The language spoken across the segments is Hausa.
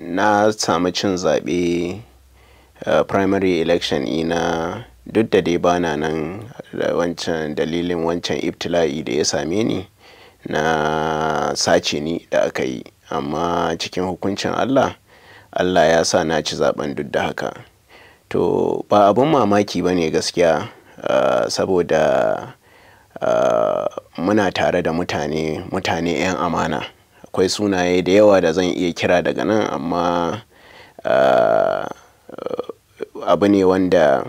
na samu cin zaɓe eh, primary election ina duk da dai ba na nan wancan dalilin wancan iftila'i da ya same ni na sace ni da aka yi amma cikin hukuncin allah allah ya sa na ci zaben duk da haka to ba abin mamaki ba ne gaskiya uh, saboda uh, muna tare da mutane mutane 'yan amana akwai sunaye da yawa da zan iya kira daga nan amma ah, abu ne wanda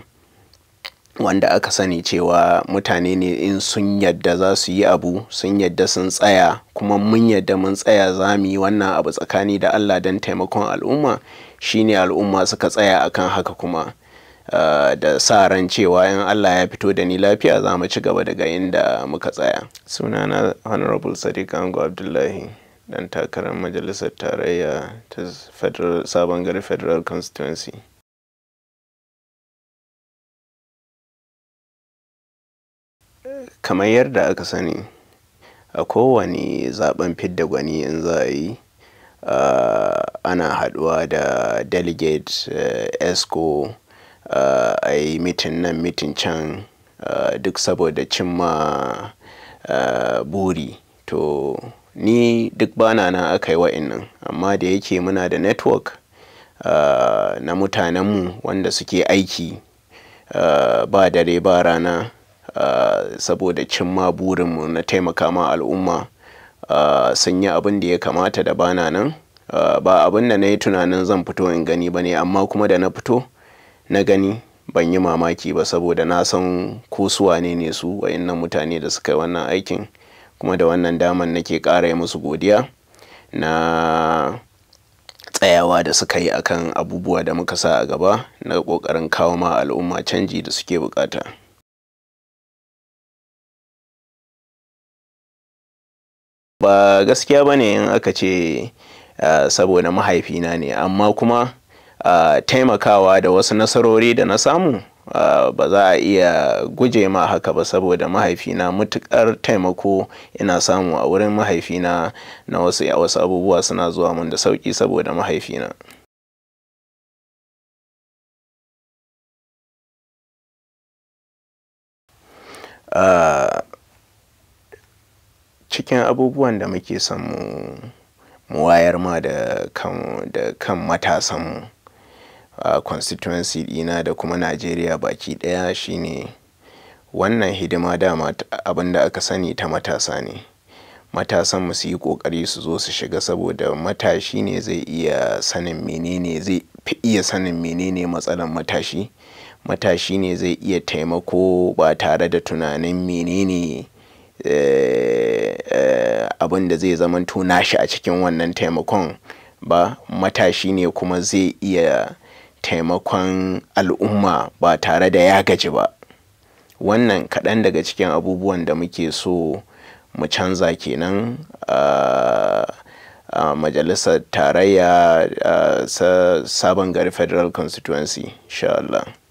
wanda aka sani cewa mutane ne in sun yadda za su yi abu sun yadda sun tsaya kuma mun yadda mun tsaya za mu yi wannan abu tsakani da allah don taimakon al'umma shine al'umma suka tsaya akan haka kuma ah, da sa ran cewa in Allah ya fito da ni lafiya za mu ci gaba daga inda muka tsaya sunana honorable sadiq ango abdullahi dan takarar majalisar tarayya ta sabon gari federal constituency kamar yadda aka sani a kowane zaben fidda gwani in za a yi ana haduwa da delegate uh, eh, esco a yi mitin nan mitin can uh, duk saboda cimma uh, buri to ni duk bana na aka yi nan, amma da yake muna da network uh, na mutanenmu wanda suke aiki uh, ba dare ba rana uh, saboda cimma burinmu na taimaka ma al'umma uh, sun yi abin da ya kamata da bana nan uh, ba abin da na yi tunanin zan fito in gani ba ne amma kuma da na fito na gani ban yi mamaki ba saboda na san ko ne ne su wa'in mutane da suka yi wannan aikin kuma da wannan daman nake ƙara musu godiya na tsayawa da suka yi akan abubuwa da muka sa a gaba na ƙoƙarin kawo ma al'umma canji da suke buƙata. ba gaskiya ba ne in aka ce saboda mahaifina ne amma kuma uh, taimakawa da wasu nasarori da na samu Ah, ba za a iya guje ma haka ba saboda mahaifina matukar taimako ina samu a wurin mahaifina na wasu wasu abubuwa suna zuwa mun da sauki saboda mahaifina ah, cikin abubuwan da muke son mu wayar ma da kan matasanmu constituency ɗina da kuma Najeriya baki ɗaya shine wannan hidima dama abin aka sani ta matasa ne. Matasan su yi ƙoƙari su zo su shiga saboda matashi ne zai iya sanin menene zai fi iya sanin menene matsalar matashi. Matashi ne zai iya taimako ba tare da tunanin menene eh, eh, abin da zai zamanto nashi a cikin wannan taimakon ba. Matashi ne kuma zai iya taimakon al'umma ba tare da ya gaji ba wannan kaɗan daga cikin abubuwan da muke so mu canza kenan a ah, ah, majalisar tarayya ah, sabon gari federal constituency insha Allah.